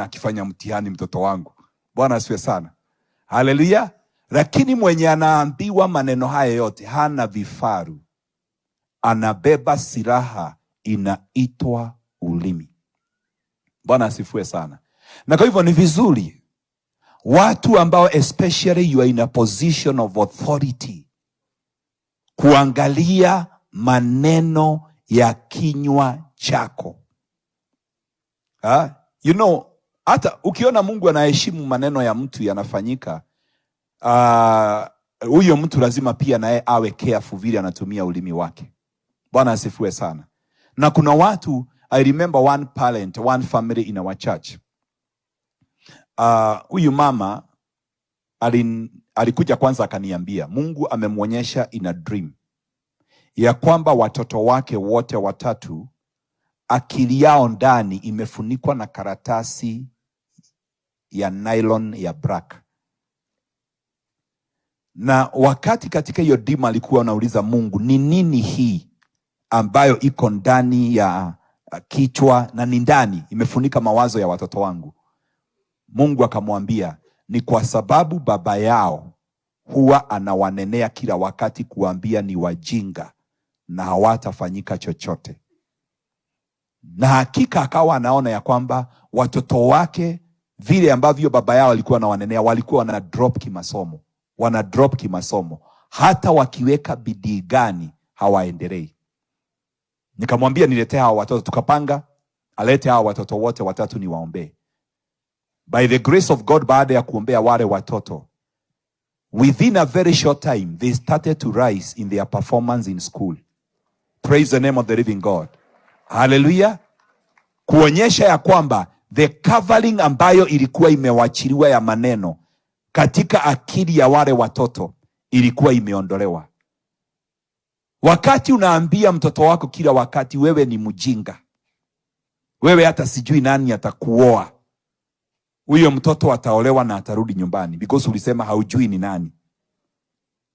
akifanya mtihani mtoto wangu. Bwana asifiwe sana, haleluya. Lakini mwenye anaambiwa maneno haya yote hana vifaru, anabeba silaha inaitwa ulimi. Bwana asifiwe sana. Na kwa hivyo ni vizuri watu ambao especially you are in a position of authority kuangalia maneno ya kinywa chako ha? Ah, you know hata ukiona Mungu anaheshimu maneno ya mtu yanafanyika, ah, huyo uh, mtu lazima pia naye awe careful vile anatumia ulimi wake. Bwana asifiwe sana. Na kuna watu I remember one parent, one family in our church. Ah, huyu uh, mama alin, alikuja kwanza akaniambia Mungu amemwonyesha in a dream ya kwamba watoto wake wote watatu akili yao ndani imefunikwa na karatasi ya nylon ya black. Na wakati katika hiyo dima alikuwa anauliza Mungu, ni nini hii ambayo iko ndani ya uh, kichwa na ni ndani imefunika mawazo ya watoto wangu? Mungu akamwambia ni kwa sababu baba yao huwa anawanenea kila wakati, kuambia ni wajinga na hawatafanyika chochote na hakika akawa anaona ya kwamba watoto wake vile ambavyo baba yao walikuwa wanawanenea, walikuwa wana drop kimasomo, wana drop kimasomo, hata wakiweka bidii gani hawaendelei. Nikamwambia niletee hawa watoto, tukapanga alete hawa watoto wote watatu niwaombee. By the grace of God, baada ya kuombea wale watoto, within a very short time they started to rise in their performance in school. Praise the name of the living God. Haleluya, kuonyesha ya kwamba the covering ambayo ilikuwa imewachiliwa ya maneno katika akili ya wale watoto ilikuwa imeondolewa. Wakati unaambia mtoto wako kila wakati, wewe ni mjinga, wewe hata sijui nani atakuoa, huyo mtoto ataolewa na atarudi nyumbani because ulisema haujui ni nani.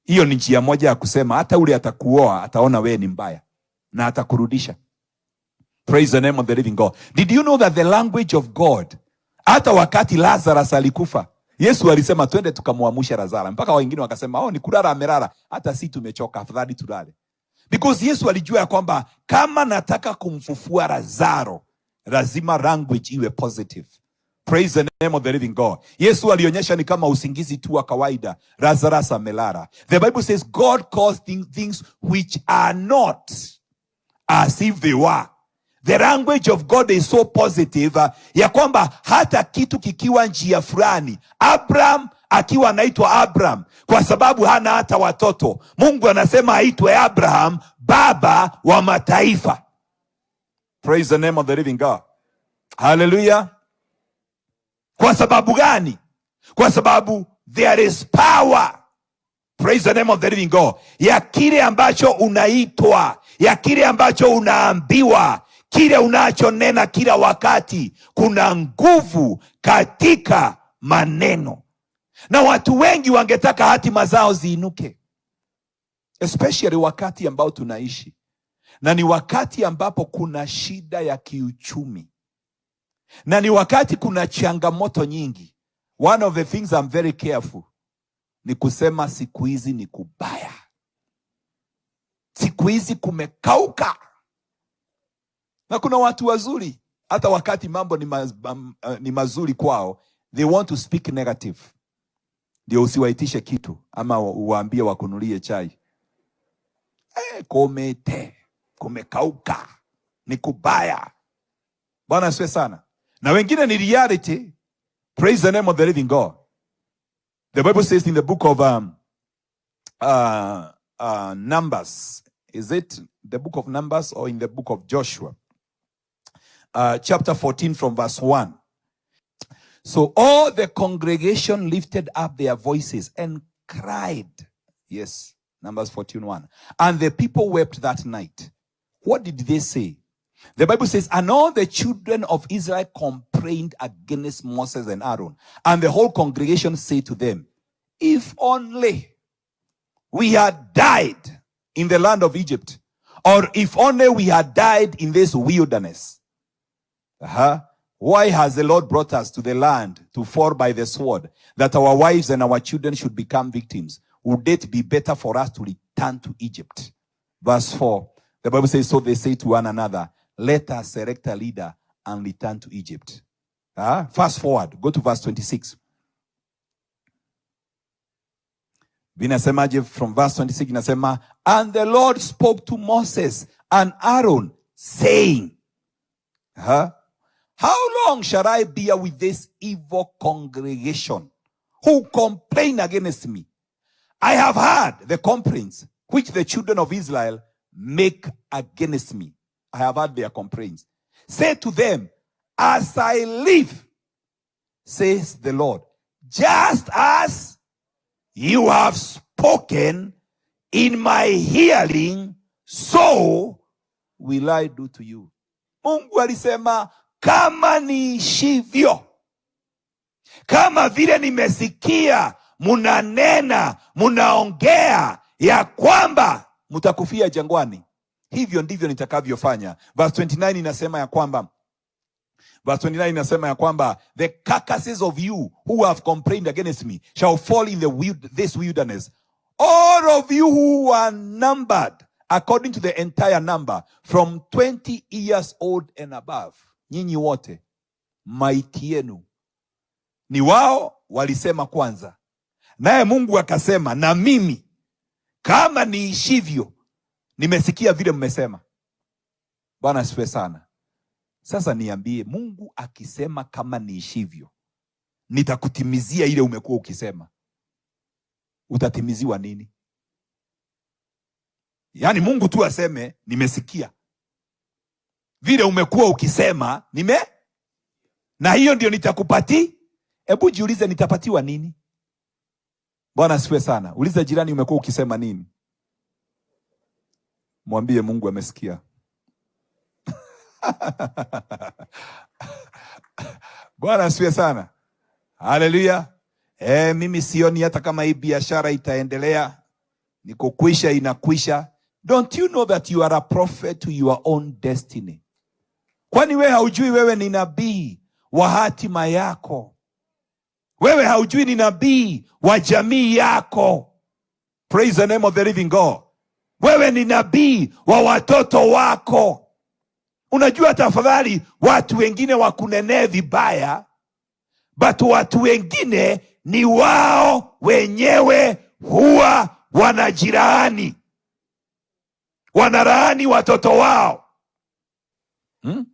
Hiyo ni njia moja ya kusema hata ule atakuoa ataona wewe ni mbaya na atakurudisha. Praise the name of the living God. Did you know that the language of God, hata wakati Lazarus alikufa Yesu alisema twende tukamwamusha Lazara, mpaka wengine wakasema oh, ni kulala amelala, hata si tumechoka, afadhali tulale. Because Yesu alijua ya kwamba kama nataka kumfufua Lazaro lazima language iwe positive. Praise the name of the living God. Yesu alionyesha ni kama usingizi tu wa kawaida, Lazarus amelala. The Bible says God calls things which are not as if they were The language of God is so positive uh, ya kwamba hata kitu kikiwa njia fulani, Abraham akiwa anaitwa Abraham kwa sababu hana hata watoto, Mungu anasema aitwe Abraham, baba wa mataifa. Praise the name of the living God. Hallelujah. Kwa sababu gani? Kwa sababu there is power. Praise the name of the living God, ya kile ambacho unaitwa, ya kile ambacho unaambiwa Kile unachonena kila wakati, kuna nguvu katika maneno, na watu wengi wangetaka hatima zao ziinuke, especially wakati ambao tunaishi na ni wakati ambapo kuna shida ya kiuchumi na ni wakati kuna changamoto nyingi. One of the things I'm very careful ni kusema siku hizi ni kubaya, siku hizi kumekauka. Na kuna watu wazuri hata wakati mambo ni, ma, um, uh, ni mazuri kwao, they want to speak negative, ndio usiwaitishe kitu ama uwaambie wakunulie chai eh, komete kumekauka, ni kubaya. Bwana asiwe sana. Na wengine ni reality. Praise the name of the living God. The Bible says in the book of um, uh, uh, Numbers, is it the book of Numbers or in the book of Joshua? Uh, chapter 14 from verse 1. So all the congregation lifted up their voices and cried. Yes, Numbers 14 1. And the people wept that night. What did they say? The Bible says, and all the children of Israel complained against Moses and Aaron. And the whole congregation said to them, if only we had died in the land of Egypt, or if only we had died in this wilderness huh Why has the Lord brought us to the land to fall by the sword, that our wives and our children should become victims? Would it be better for us to return to Egypt? Verse 4, the Bible says, So they say to one another, Let us select a leader and return to Egypt. Ah. fast forward, go to verse 26. Vinasemaje from verse 26 inasema, And the Lord spoke to Moses and Aaron, saying, huh? How long shall I be with this evil congregation who complain against me? I have heard the complaints which the children of Israel make against me. I have heard their complaints. Say to them, as I live, says the Lord, just as you have spoken in my hearing, so will I do to you. Mungu alisema kama niishivyo, kama vile nimesikia munanena, munaongea ya kwamba mutakufia jangwani, hivyo ndivyo nitakavyofanya. Verse 29 inasema ya kwamba Verse 29 inasema ya kwamba the carcasses of you who have complained against me shall fall in the wild, this wilderness all of you who are numbered according to the entire number from 20 years old and above nyinyi wote maiti yenu ni wao walisema kwanza, naye Mungu akasema, na mimi kama niishivyo, nimesikia vile mmesema. Bwana asifiwe sana. Sasa niambie, Mungu akisema kama niishivyo nitakutimizia ile umekuwa ukisema, utatimiziwa nini? Yaani Mungu tu aseme nimesikia, vile umekuwa ukisema nime na hiyo ndio nitakupati. Hebu jiulize, nitapatiwa nini? Bwana asifiwe sana. Uliza jirani, umekuwa ukisema nini? Mwambie Mungu amesikia. Bwana asifiwe sana, haleluya. E, mimi sioni hata kama hii biashara itaendelea, nikokwisha inakwisha. Don't you know that you are a prophet to your own destiny? Kwani wewe haujui wewe ni nabii wa hatima yako? Wewe haujui ni nabii wa jamii yako? Praise the name of the living God. Wewe ni nabii wa watoto wako. Unajua, tafadhali, watu wengine wakunenee vibaya, but watu wengine ni wao wenyewe huwa wanajiraani, wanaraani watoto wao hmm?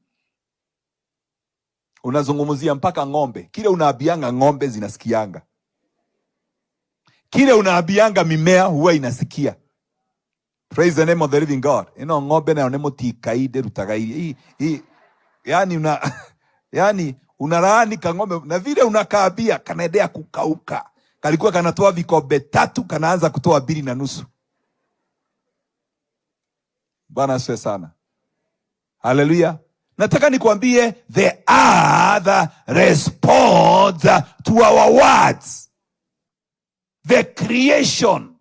unazungumzia mpaka ng'ombe. Kile unaabianga ng'ombe zinasikianga, kile unaabianga mimea huwa inasikia. Praise the name of the living God. ino ng'ombe nayo nemutikaide rutagaire yani una yani unalaani kang'ombe na vile unakaabia kanaendea kukauka. Kalikuwa kanatoa vikombe tatu kanaanza kutoa mbili na nusu. Bwana asiwe sana. Haleluya. Nataka nikuambie there are the response to our words. The creation,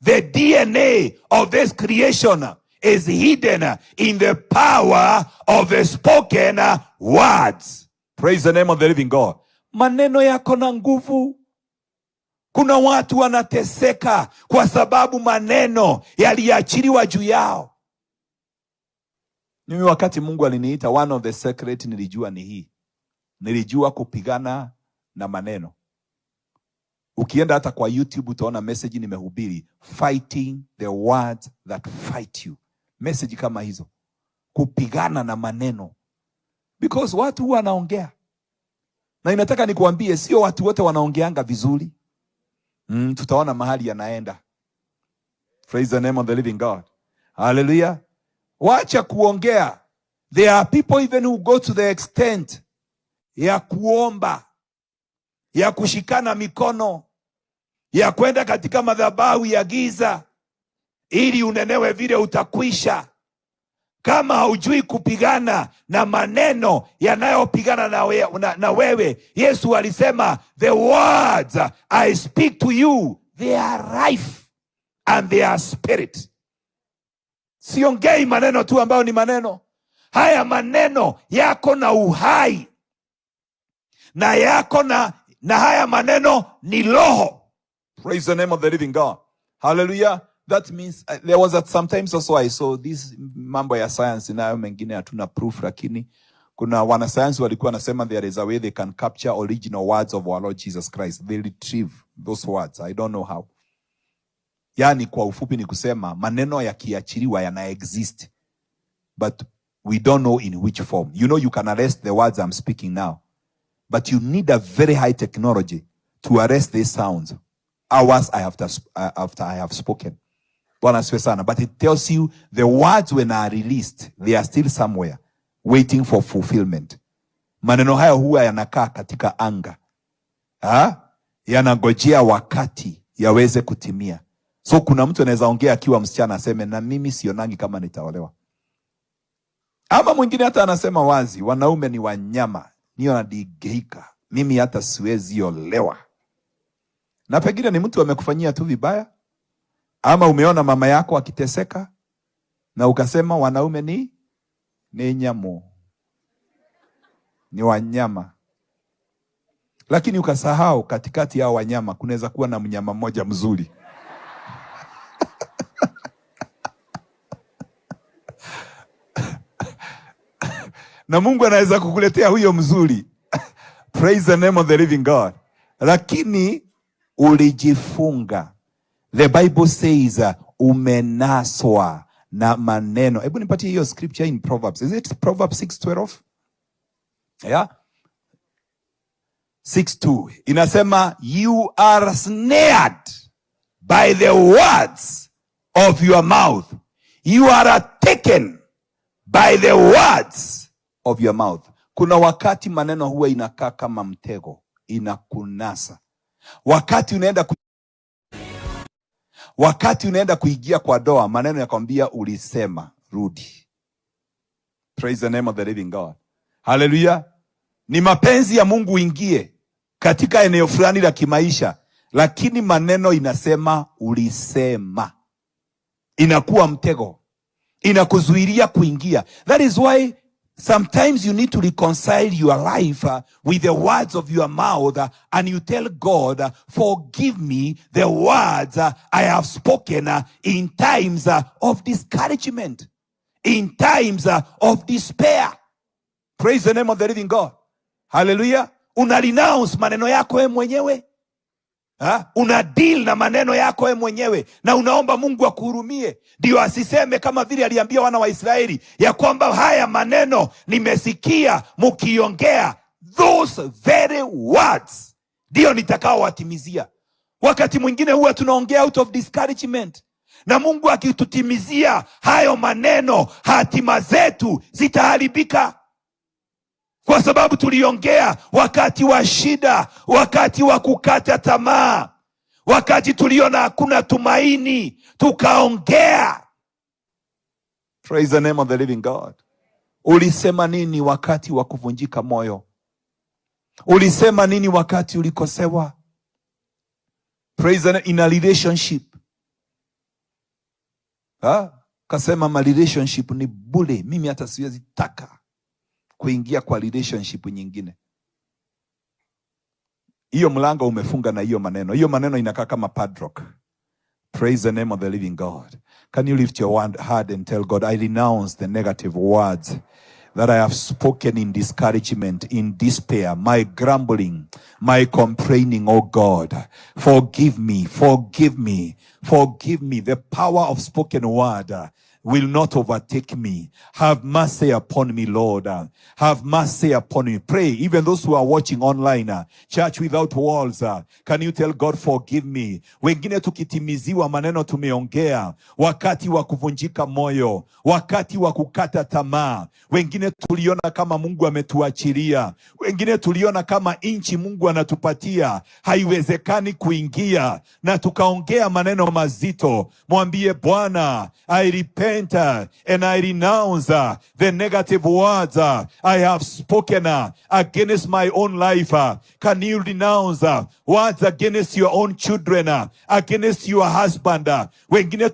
the DNA of this creation is hidden in the power of the spoken words. Praise the name of the living God. Maneno yako na nguvu. Kuna watu wanateseka kwa sababu maneno yaliachiliwa juu yao. Mimi wakati Mungu aliniita, one of the secret nilijua ni hii, nilijua kupigana na maneno. Ukienda hata kwa YouTube utaona message nimehubiri, fighting the words that fight you, message kama hizo, kupigana na maneno, because watu huwa wanaongea na inataka nikuambie, sio watu wote wanaongeanga vizuri. Mm, tutaona mahali yanaenda. Praise the name of the living God. Hallelujah. Wacha kuongea. There are people even who go to the extent ya kuomba, ya kushikana mikono, ya kwenda katika madhabahu ya giza ili unenewe vile utakwisha. Kama haujui kupigana na maneno yanayopigana na, we, na, na wewe, Yesu alisema the words I speak to you they are life and they are spirit siongei maneno tu ambayo ni maneno haya, maneno yako na uhai na yako na, na haya maneno ni roho. Praise the name of the living God. Hallelujah. That means uh, there was at sometimes also I saw this mambo ya science nayo mengine hatuna proof, lakini kuna wanasayansi walikuwa wanasema there is a way they can capture original words of our Lord Jesus Christ. They retrieve those words. I don't know how yani kwa ufupi ni kusema maneno yakiachiliwa yana exist but we don't know in which form. You know you can arrest the words I'm speaking now but you need a very high technology to arrest these sounds hours I have to, uh, after I have spoken. Bwana asifiwe sana, but it tells you the words when are released they are still somewhere waiting for fulfillment. Maneno haya huwa yanakaa katika anga, ha? Ah, yanagojea wakati yaweze kutimia. So kuna mtu anaweza ongea akiwa msichana aseme, na mimi sionangi kama nitaolewa. Ama mwingine hata anasema wazi, wanaume ni wanyama, niyo nadigeika mimi, hata siwezi olewa. Na pengine ni mtu amekufanyia tu vibaya, ama umeona mama yako akiteseka na ukasema wanaume ni ni nyamo, ni wanyama. Lakini ukasahau katikati ya wanyama kunaweza kuwa na mnyama mmoja mzuri. na Mungu anaweza kukuletea huyo mzuri Praise the name of the living God. Lakini ulijifunga, the Bible says uh, umenaswa na maneno. Hebu nipatie hiyo scripture in Proverbs. Is it Proverbs 6:12? Yeah. 6:2 inasema you are snared by the words of your mouth, you are taken by the words of your mouth. Kuna wakati maneno huwa inakaa kama mtego, inakunasa wakati unaenda ku... wakati unaenda kuingia kwa doa, maneno yakwambia ulisema rudi. Praise the name of the living God. Haleluya! Ni mapenzi ya Mungu uingie katika eneo fulani la kimaisha, lakini maneno inasema ulisema, inakuwa mtego, inakuzuilia kuingia. That is why Sometimes you need to reconcile your life uh, with the words of your mouth uh, and you tell God, uh, forgive me the words uh, I have spoken uh, in times uh, of discouragement, in times uh, of despair. Praise the name of the living God. Hallelujah. Una renounce maneno yako mwenyewe ha? una deal na maneno yako we mwenyewe na unaomba Mungu akuhurumie, ndio asiseme kama vile aliambia wana wa Israeli ya kwamba haya maneno nimesikia mukiongea, those very words ndiyo nitakaowatimizia. Wakati mwingine huwa tunaongea out of discouragement na Mungu akitutimizia hayo maneno, hatima zetu zitaharibika kwa sababu tuliongea wakati wa shida, wakati wa kukata tamaa, wakati tuliona hakuna tumaini, tukaongea. Praise the name of the living God. Ulisema nini wakati wa kuvunjika moyo? Ulisema nini wakati ulikosewa? Praise the name, in a relationship ha? Kasema ma relationship ni bule, mimi hata siwezi taka kuingia kwa relationship nyingine. Hiyo mlango umefunga na hiyo maneno. Hiyo maneno inakaa kama padlock. Praise the name of the living God. Can you lift your hand and tell God, I renounce the negative words that I have spoken in discouragement, in despair, my grumbling, my complaining, oh God. Forgive me, forgive me, forgive me the power of spoken word will not overtake me. Have mercy upon me, Lord. Have mercy upon me. Pray, even those who are watching online, uh, church without walls, uh, can you tell God, forgive me? Wengine tukitimiziwa maneno tumeongea, wakati wa kuvunjika moyo, wakati wa kukata tamaa, wengine tuliona kama Mungu ametuachilia, wengine tuliona kama nchi Mungu anatupatia haiwezekani kuingia, na tukaongea maneno mazito. Mwambie Bwana, I repent repent and I renounce uh, the negative words uh, I have spoken uh, against my own life. Can you renounce words against your own children, against your husband? Wengine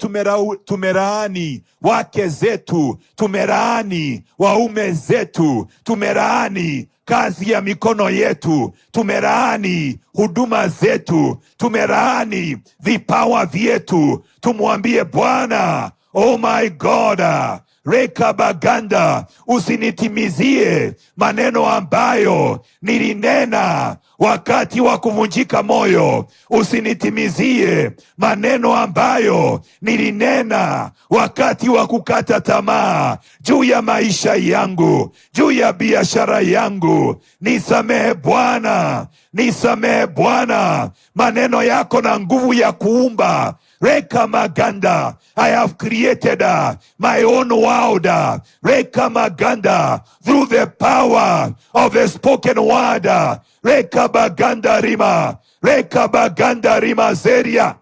tumeraani wake zetu, tumeraani waume zetu, tumeraani kazi ya mikono yetu, tumelaani huduma zetu, tumelaani vipawa vyetu. Tumwambie Bwana, Oh my God, ah, rekabaganda, usinitimizie maneno ambayo nilinena wakati wa kuvunjika moyo. Usinitimizie maneno ambayo nilinena wakati wa kukata tamaa juu ya maisha yangu, juu ya biashara yangu. Nisamehe Bwana, nisamehe Bwana. Maneno yako na nguvu ya kuumba Reka Maganda. I have created uh, my own world. Uh, Reka Maganda. Through the power of the spoken word. Uh, Reka Baganda Rima. Reka Baganda Rima Zeria.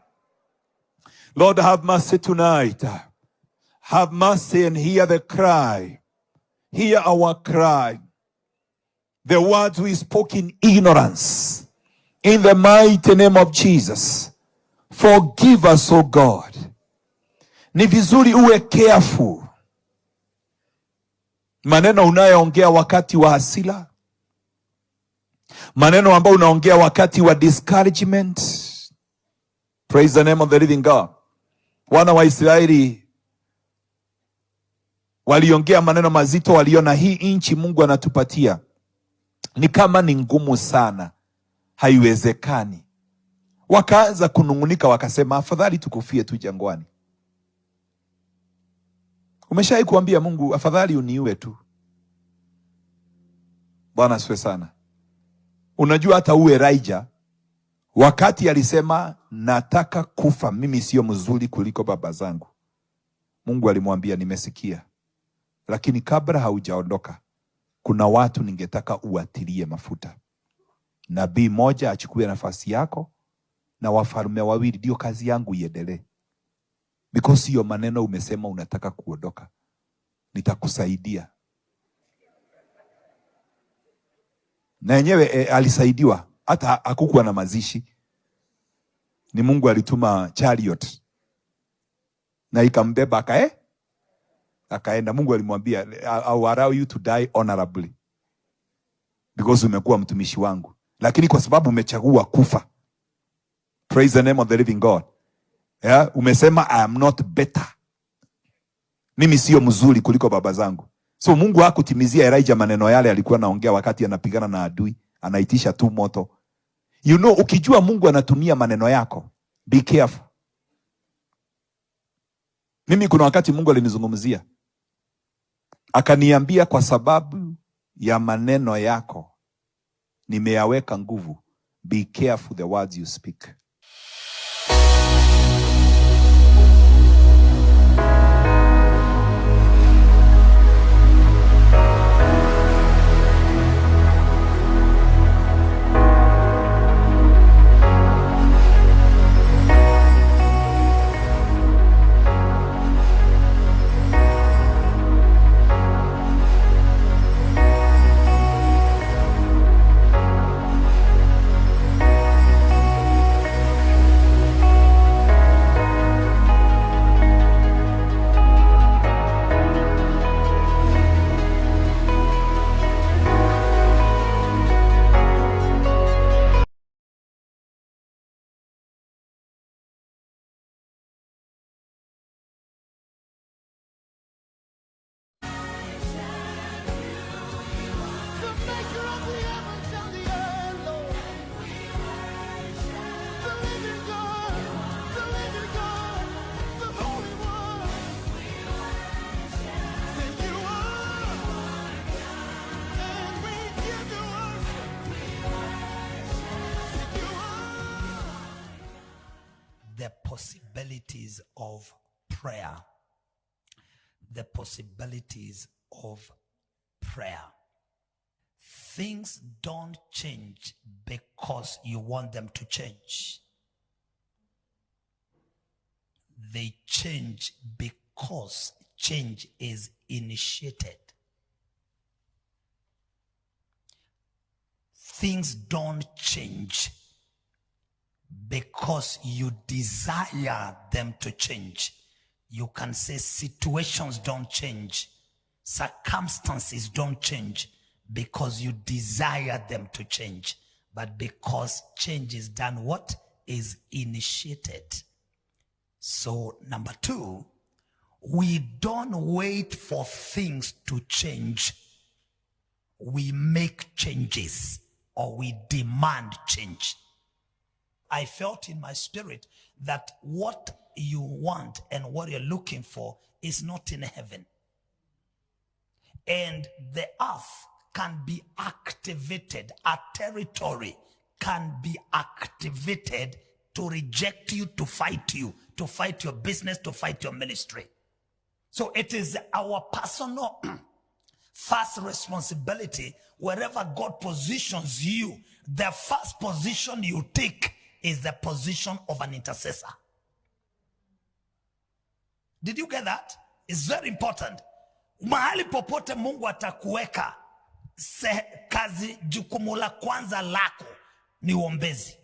Lord, have mercy tonight. Have mercy and hear the cry. Hear our cry. The words we spoke in ignorance. In the mighty name of Jesus. Forgive us, O God. Ni vizuri uwe careful maneno unayoongea wakati wa hasila maneno ambayo unaongea wakati wa discouragement. Praise the name of the living God. Wana wa Israeli waliongea maneno mazito, waliona hii nchi Mungu anatupatia ni kama ni ngumu sana, haiwezekani Wakaanza kunung'unika, wakasema afadhali tukufie tu jangwani. Umeshawahi kuambia Mungu afadhali uniue tu? Bwana asifiwe sana. Unajua hata uwe Raija wakati alisema nataka kufa mimi, sio mzuri kuliko baba zangu. Mungu alimwambia nimesikia, lakini kabla haujaondoka kuna watu ningetaka uatilie mafuta. Nabii moja achukue nafasi yako na wafalme wawili, ndio kazi yangu iendelee. Because hiyo maneno umesema unataka kuondoka, nitakusaidia na yenyewe. E, alisaidiwa hata hakukuwa na mazishi, ni Mungu alituma chariot na ikambeba akae akaenda. Mungu alimwambia I'll allow you to die honorably because umekuwa mtumishi wangu, lakini kwa sababu umechagua kufa Praise the name of the living God. Yeah? Umesema I am not better, mimi sio mzuri kuliko baba zangu. So Mungu hakutimizia Elijah maneno yale alikuwa anaongea wakati anapigana na adui, anaitisha tu moto. You know, ukijua Mungu anatumia maneno yako, be careful. Mimi kuna wakati Mungu alinizungumzia akaniambia, kwa sababu ya maneno yako nimeyaweka nguvu. Be careful the words you speak. possibilities of prayer. The possibilities of prayer. Things don't change because you want them to change. They change because change is initiated. Things don't change because you desire them to change. You can say situations don't change, circumstances don't change because you desire them to change, but because change is done what is initiated. So, number two, we don't wait for things to change. We make changes or we demand change. I felt in my spirit that what you want and what you're looking for is not in heaven. And the earth can be activated. A territory can be activated to reject you, to fight you, to fight your business, to fight your ministry. So it is our personal first responsibility wherever God positions you, the first position you take is the position of an intercessor. Did you get that? It's very important. Mahali popote Mungu atakuweka, kazi, jukumu la kwanza lako ni uombezi.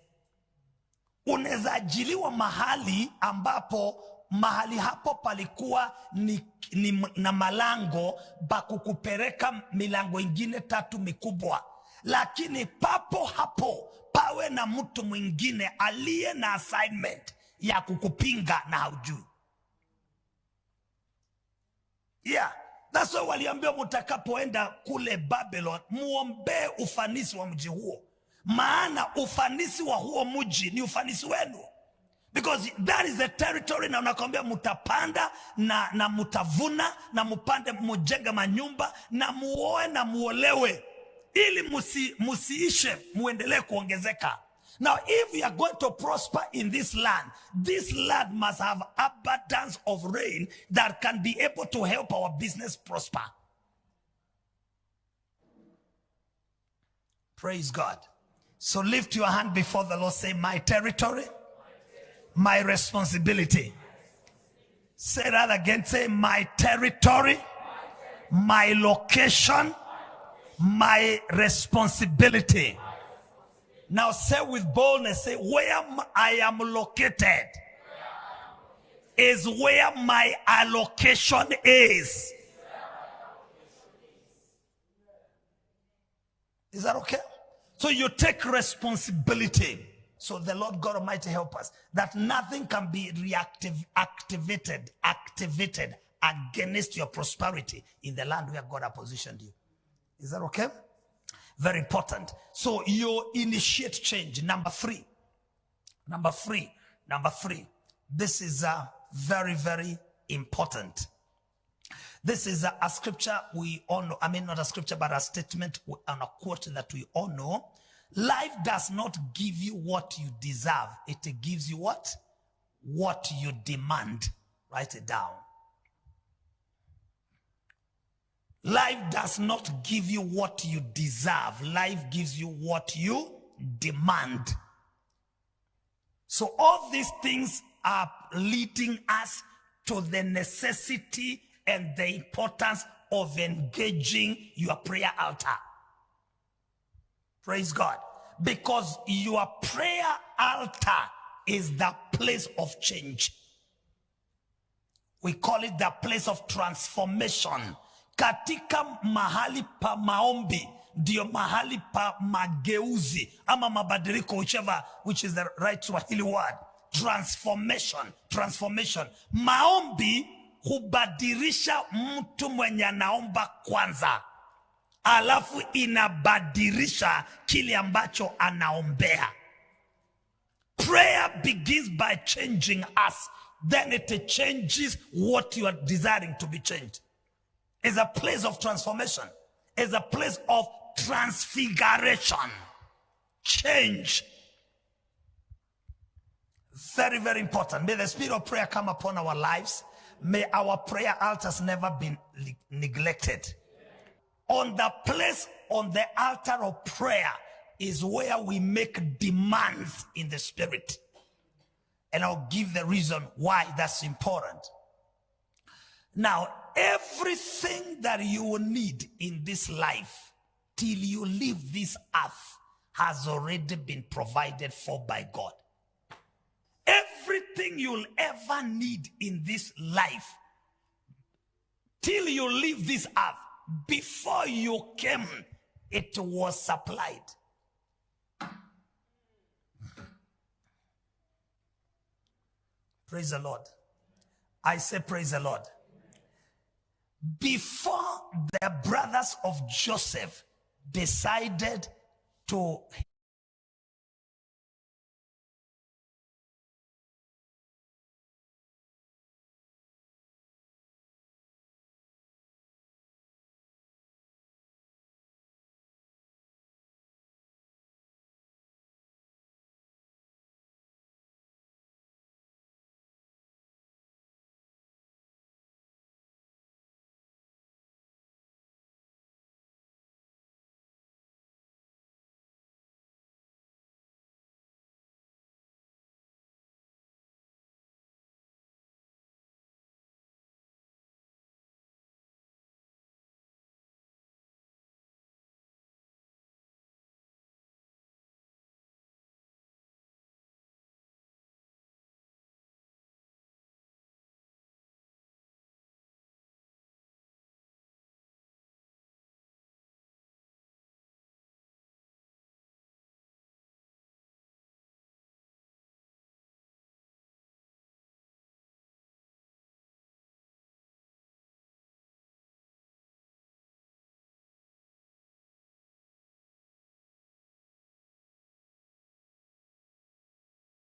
Unaweza ajiliwa mahali ambapo mahali hapo palikuwa ni, ni na malango pa kukupereka milango ingine tatu mikubwa, lakini papo hapo pawe na mtu mwingine aliye na assignment ya kukupinga na haujui. Yeah, that's why waliambiwa mutakapoenda kule Babylon muombee ufanisi wa mji huo, maana ufanisi wa huo mji ni ufanisi wenu because that is the territory, na unakwambia mutapanda na, na mutavuna na mupande mujenge manyumba na muoe na muolewe ili musi, musiishe muendelee kuongezeka. Now if you are going to prosper in this land, this land must have abundance of rain that can be able to help our business prosper. Praise God. So lift your hand before the Lord. Say, My territory, my responsibility. Say that again. Say, My territory, my location, my responsibility. Now say with boldness, say, where I am located is where my allocation is. Is that okay? So you take responsibility. So the Lord God Almighty help us that nothing can be reactive, activated, activated against your prosperity in the land where God has positioned you. Is that okay? Very important. So you initiate change. Number three. Number three. Number three. This is uh, very, very important. This is a, scripture we all know. I mean, not a scripture, but a statement and a quote that we all know. Life does not give you what you deserve. It gives you what? What you demand. Write it down. Life does not give you what you deserve. Life gives you what you demand. So all these things are leading us to the necessity and the importance of engaging your prayer altar. Praise God. Because your prayer altar is the place of change. We call it the place of transformation. katika mahali pa maombi ndio mahali pa mageuzi ama mabadiliko, whichever which is the right Swahili word, transformation. Transformation, maombi hubadilisha mtu mwenye anaomba kwanza, alafu inabadilisha kile ambacho anaombea. Prayer begins by changing us, then it changes what you are desiring to be changed. is a place of transformation, is a place of transfiguration, change. Very, very important. May the spirit of prayer come upon our lives. May our prayer altars never be neglected. On the place on the altar of prayer is where we make demands in the spirit. And I'll give the reason why that's important. Now, everything that you will need in this life till you leave this earth has already been provided for by God. Everything you'll ever need in this life till you leave this earth, before you came, it was supplied. Praise the Lord. I say, Praise the Lord before the brothers of Joseph decided to